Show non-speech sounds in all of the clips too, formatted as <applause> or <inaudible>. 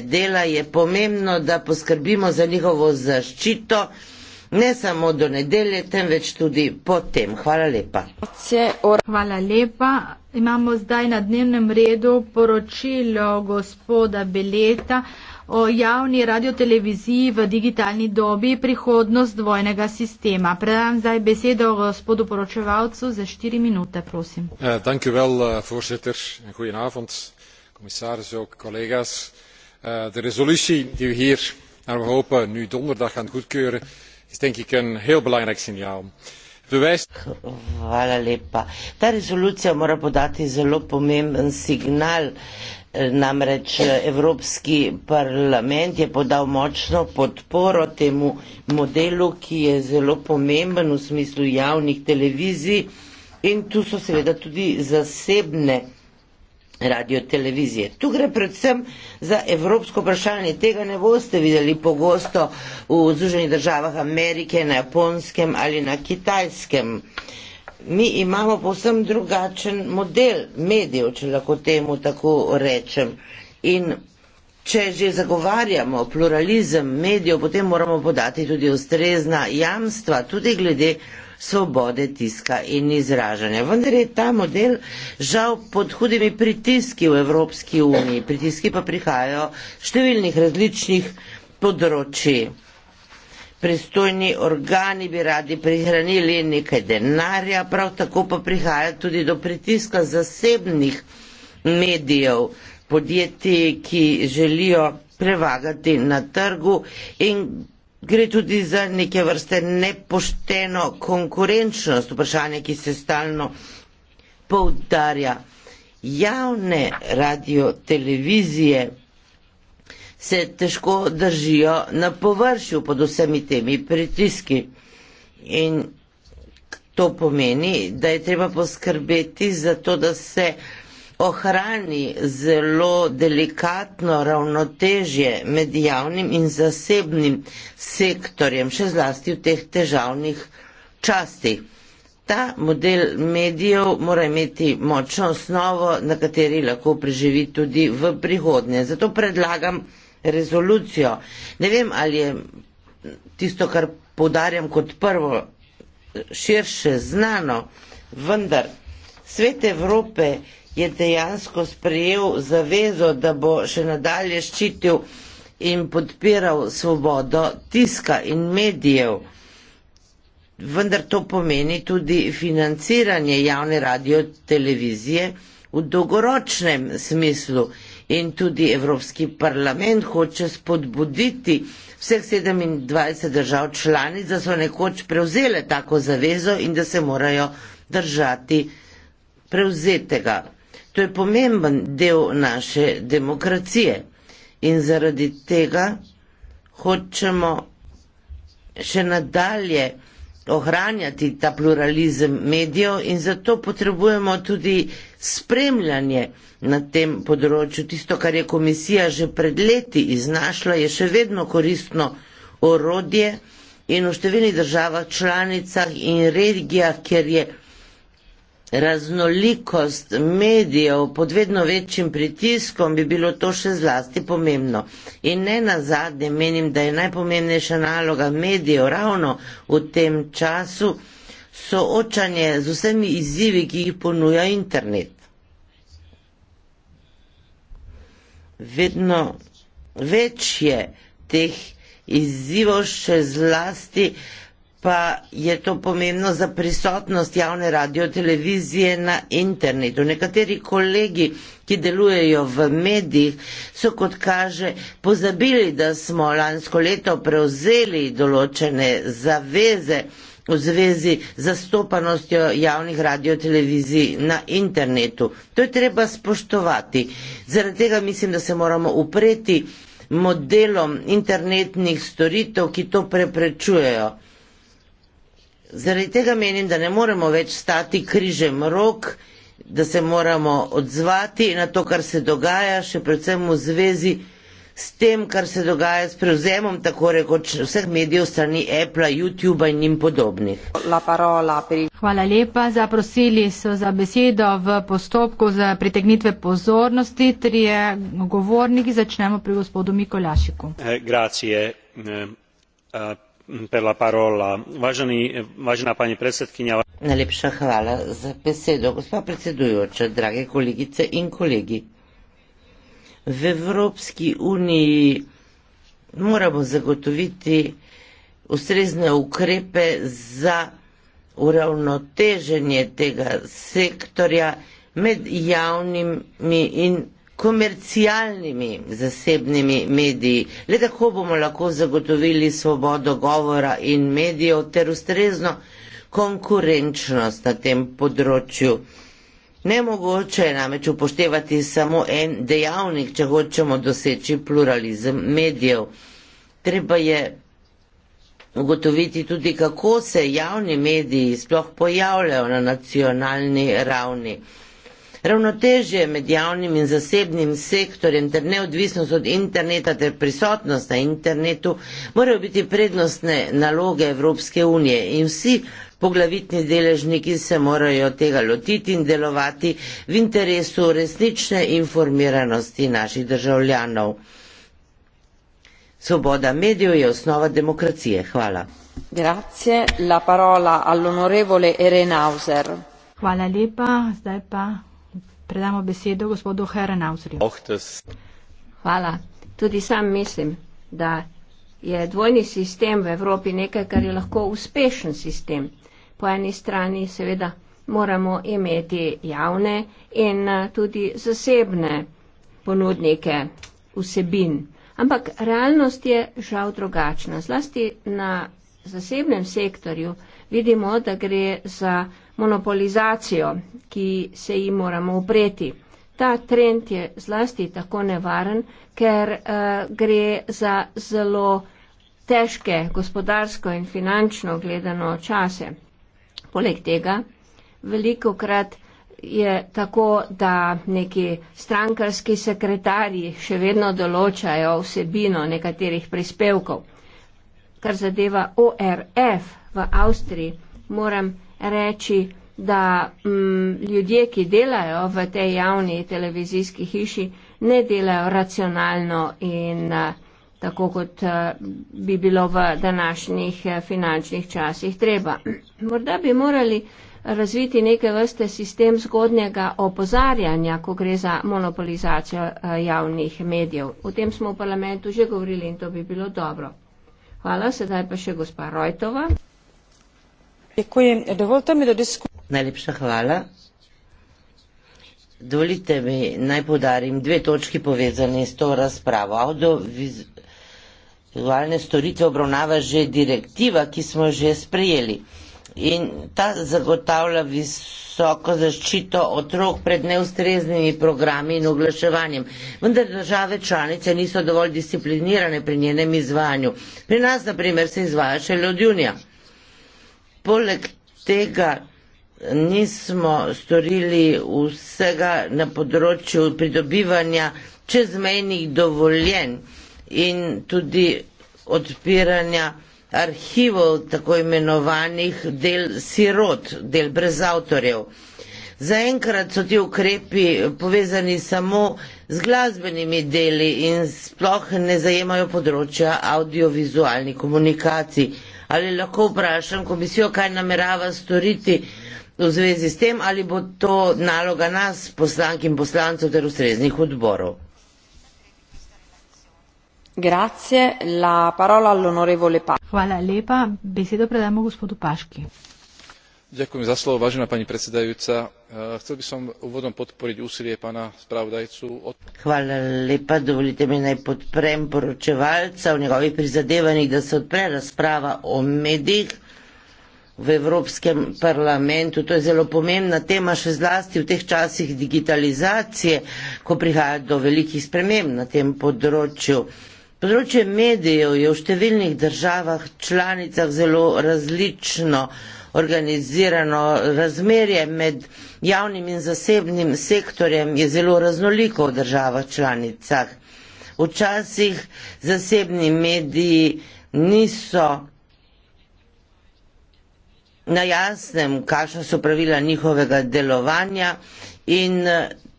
dela je pomembno, da poskrbimo za njihovo zaščito, ne samo do nedelje, temveč tudi potem. Hvala lepa. Hvala lepa. Imamo zdaj na dnevnem redu poročilo gospoda Beleta o javni radioteleviziji v digitalni dobi prihodnost dvojnega sistema. Predam zdaj besedo gospodu poročevalcu za štiri minute, prosim. Uh, well, uh, Hvala lepa, predsednik. Dobro večer, komisar, kolegi. Eh, de resolutie die we hier naar we hopen nu donderdag gaan goedkeuren is denk ik een heel belangrijk signaal. ta resolucija mora podati zelo pomemben signal eh, namreč eh, evropski parlament je podal močno podporo temu modelu ki je zelo pomemben v smislu javnih televizij in tu so seveda tudi zasebne radio televizije. Tu gre predvsem za evropsko vprašanje. Tega ne boste videli pogosto v Združenih državah Amerike, na japonskem ali na kitajskem. Mi imamo povsem drugačen model medijev, če lahko temu tako rečem. In če že zagovarjamo pluralizem medijev, potem moramo podati tudi ustrezna jamstva, tudi glede svobode tiska in izražanja. Vendar je ta model žal pod hudimi pritiski v Evropski uniji. Pritiski pa prihajajo številnih različnih področji. Pristojni organi bi radi prihranili nekaj denarja, prav tako pa prihaja tudi do pritiska zasebnih medijev, podjetij, ki želijo prevagati na trgu in Gre tudi za neke vrste nepošteno konkurenčnost, vprašanje, ki se stalno poudarja. Javne radio televizije se težko držijo na površju pod vsemi temi pritiski. In to pomeni, da je treba poskrbeti za to, da se ohrani zelo delikatno ravnotežje med javnim in zasebnim sektorjem, še zlasti v teh težavnih častih. Ta model medijev mora imeti močno osnovo, na kateri lahko preživi tudi v prihodnje. Zato predlagam rezolucijo. Ne vem, ali je tisto, kar podarjam kot prvo, širše znano, vendar svet Evrope je dejansko sprejel zavezo, da bo še nadalje ščitil in podpiral svobodo tiska in medijev. Vendar to pomeni tudi financiranje javne radio televizije v dolgoročnem smislu in tudi Evropski parlament hoče spodbuditi vseh 27 držav članic, da so nekoč prevzele tako zavezo in da se morajo držati prevzetega. To je pomemben del naše demokracije in zaradi tega hočemo še nadalje ohranjati ta pluralizem medijev in zato potrebujemo tudi spremljanje na tem področju. Tisto, kar je komisija že pred leti iznašla, je še vedno koristno orodje in v številnih državah, članicah in regijah, kjer je raznolikost medijev pod vedno večjim pritiskom, bi bilo to še zlasti pomembno. In ne na zadnje menim, da je najpomembnejša naloga medijev ravno v tem času soočanje z vsemi izzivi, ki jih ponuja internet. Vedno več je teh izzivov še zlasti, pa je to pomembno za prisotnost javne radiotelevizije na internetu. Nekateri kolegi, ki delujejo v medijih, so kot kaže pozabili, da smo lansko leto prevzeli določene zaveze v zvezi z zastopanostjo javnih radiotelevizij na internetu. To je treba spoštovati. Zaradi tega mislim, da se moramo upreti modelom internetnih storitev, ki to preprečujejo. Zaradi tega menim, da ne moremo več stati križem rok, da se moramo odzvati na to, kar se dogaja, še predvsem v zvezi s tem, kar se dogaja s prevzemom tako rekoč vseh medijev strani Apple, YouTube in njim podobnih. Hvala lepa. Zaprosili so za besedo v postopku za pritegnitve pozornosti. Trije govorniki začnemo pri gospodu Mikolašiku. Eh, vážená pani predsedkyňa najlepša hvala za besedo gospa predsedujoča drage kolegice in kolegi v evropski uniji moramo zagotoviti ustrezne ukrepe za uravnoteženje tega sektorja med javnimi in komercialnimi zasebnimi mediji. Le tako bomo lahko zagotovili svobodo govora in medijev ter ustrezno konkurenčnost na tem področju. Nemogoče je namreč upoštevati samo en dejavnik, če hočemo doseči pluralizem medijev. Treba je ugotoviti tudi, kako se javni mediji sploh pojavljajo na nacionalni ravni. Ravnotežje med javnim in zasebnim sektorjem ter neodvisnost od interneta ter prisotnost na internetu morajo biti prednostne naloge Evropske unije in vsi poglavitni deležniki se morajo tega lotiti in delovati v interesu resnične informiranosti naših državljanov. Svoboda medijev je osnova demokracije. Hvala. Grazie, la parola all'onorevole Erenauser. Hvala lepa, zdaj pa Predamo besedo gospodu Herenauzriju. Hvala. Tudi sam mislim, da je dvojni sistem v Evropi nekaj, kar je lahko uspešen sistem. Po eni strani seveda moramo imeti javne in eh, tudi zasebne ponudnike vsebin. Ampak realnost je žal drugačna. Zlasti na zasebnem sektorju vidimo, da gre za monopolizacijo, ki se ji moramo upreti. Ta trend je zlasti tako nevaren, ker uh, gre za zelo težke gospodarsko in finančno gledano čase. Poleg tega, veliko krat je tako, da neki strankarski sekretarji še vedno določajo vsebino nekaterih prispevkov. Kar zadeva ORF v Avstriji, moram reči, da mm, ljudje, ki delajo v tej javni televizijski hiši, ne delajo racionalno in eh, tako, kot eh, bi bilo v današnjih eh, finančnih časih treba. <clears throat> Morda bi morali razviti neke vrste sistem zgodnjega opozarjanja, ko gre za monopolizacijo javnih medijev. O tem smo v parlamentu že govorili in to bi bilo dobro. Hvala, sedaj pa še gospa Rojtova. Najlepša hvala. Dovolite mi naj podarim dve točki povezane s to razpravo. Audiovizualne storitve obravnava že direktiva, ki smo že sprejeli. In ta zagotavlja visoko zaščito otrok pred neustreznimi programi in oglaševanjem. Vendar države članice niso dovolj disciplinirane pri njenem izvajanju. Pri nas, na primer, se izvaja šele od junija poleg tega nismo storili vsega na področju pridobivanja čezmejnih dovoljen in tudi odpiranja arhivov tako imenovanih del sirot, del brez avtorjev. Zaenkrat so ti ukrepi povezani samo z glasbenimi deli in sploh ne zajemajo področja audiovizualnih komunikacij ali lahko vprašam komisijo, kaj namerava storiti v zvezi s tem, ali bo to naloga nas, poslank in poslancev ter ustreznih odborov. Grazie, la parola all'onorevole Paschi. Hvala lepa, besedo predajmo gospodu Paški. Eh, chcel by som úvodom podporiť úsilie pána spravodajcu o. dovoľte mi naj podprem poročevalca v njegovih prizadevanjih da se odpre razprava o medijih v evropskem parlamentu to je zelo pomembna tema še zlasti v teh časih digitalizacije ko prihaja do velikih sprememb na tem področju. Področje medijev je v številnih državah članicah zelo različno organizirano. Razmerje med javnim in zasebnim sektorjem je zelo raznoliko v državah članicah. Včasih zasebni mediji niso na jasnem, kakšna so pravila njihovega delovanja in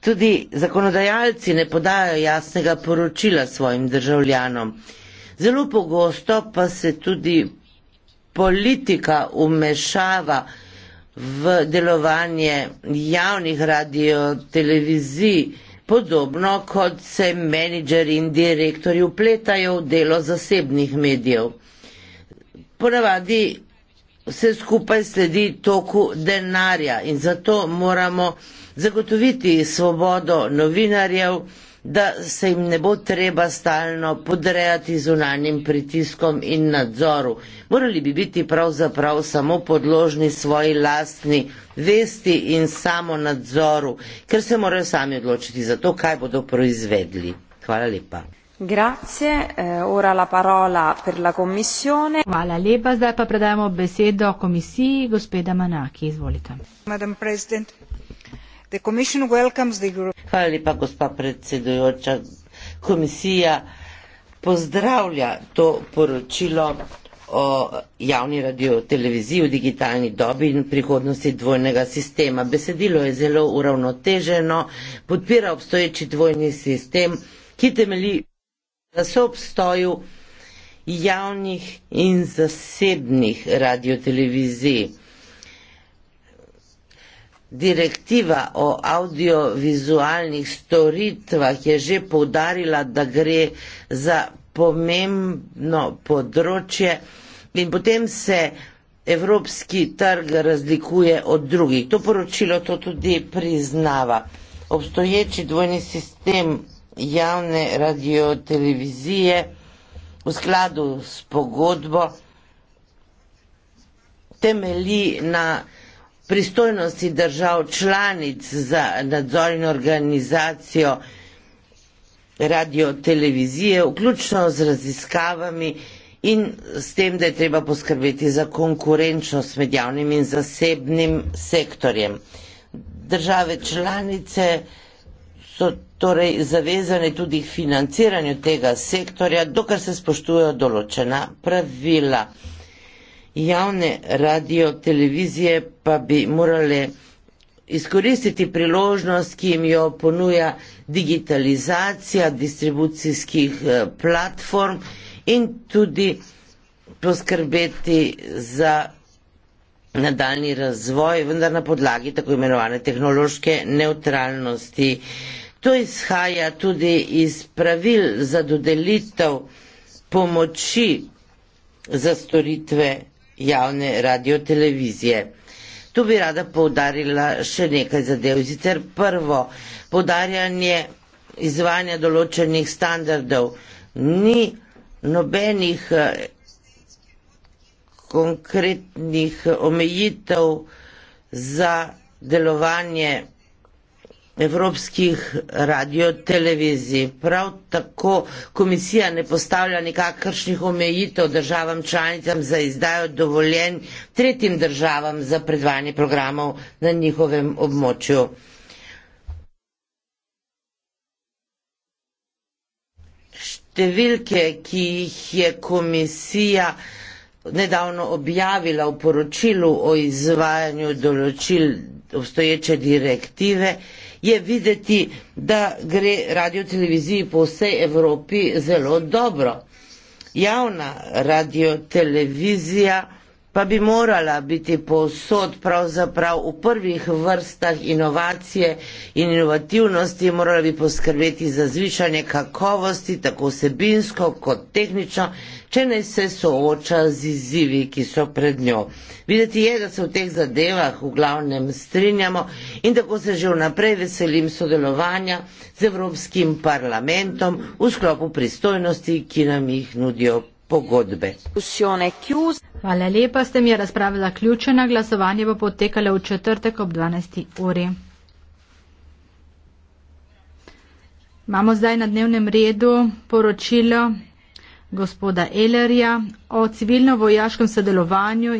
Tudi zakonodajalci ne podajo jasnega poročila svojim državljanom. Zelo pogosto pa se tudi politika umešava v delovanje javnih radio, televizij, podobno kot se menedžeri in direktori upletajo v delo zasebnih medijev. Ponavadi vse skupaj sledi toku denarja in zato moramo zagotoviti svobodo novinarjev, da se jim ne bo treba stalno podrejati zunanjim pritiskom in nadzoru. Morali bi biti pravzaprav samo podložni svoji lastni vesti in samo nadzoru, ker se morajo sami odločiti za to, kaj bodo proizvedli. Hvala lepa. Grazie, eh, ora la parola per la Commissione. Hvala lepa, zdaj pa predajamo besedo Komisiji, gospeda Manaki, izvolite. Hvala lepa, gospa predsedujoča. Komisija pozdravlja to poročilo o javni radioteleviziji v digitalni dobi in prihodnosti dvojnega sistema. Besedilo je zelo uravnoteženo, podpira obstoječi dvojni sistem, ki temeli na soobstoju javnih in zasebnih radiotelevizij. Direktiva o audiovizualnih storitvah je že poudarila, da gre za pomembno področje in potem se evropski trg razlikuje od drugih. To poročilo to tudi priznava. Obstoječi dvojni sistem javne radiotelevizije v skladu s pogodbo temelji na pristojnosti držav članic za nadzorno organizacijo radiotelevizije, vključno z raziskavami in s tem, da je treba poskrbeti za konkurenčnost med javnim in zasebnim sektorjem. Države članice so torej zavezane tudi k financiranju tega sektorja, dokler se spoštujejo določena pravila. Javne radio televizije pa bi morale izkoristiti priložnost, ki jim jo ponuja digitalizacija distribucijskih eh, platform in tudi poskrbeti za nadaljni razvoj, vendar na podlagi tako imenovane tehnološke neutralnosti. To izhaja tudi iz pravil za dodelitev pomoči za storitve javne radiotelevizije. Tu bi rada poudarila še nekaj zadev. Zicer prvo, podarjanje izvanja določenih standardov ni nobenih eh, konkretnih omejitev za delovanje evropskih radiotelevizij. Prav tako komisija ne postavlja nikakršnih omejitev državam članicam za izdajo dovoljenj tretjim državam za predvajanje programov na njihovem območju. Številke, ki jih je komisija nedavno objavila v poročilu o izvajanju določil obstoječe direktive, je videti, da gre radio televiziji po vsej Evropi zelo dobro. Javna radio televizija pa bi morala biti povsod pravzaprav v prvih vrstah inovacije in inovativnosti, morala bi poskrbeti za zvišanje kakovosti, tako vsebinsko kot tehnično, če ne se sooča z izzivi, ki so pred njo. Videti je, da se v teh zadevah v glavnem strinjamo in tako se že vnaprej veselim sodelovanja z Evropskim parlamentom v sklopu pristojnosti, ki nam jih nudijo pogodbe. Hvala lepa, ste mi je razprava zaključena. Glasovanje bo potekalo v četrtek ob 12. uri. Imamo zdaj na dnevnem redu poročilo gospoda Elerja o civilno-vojaškem sodelovanju.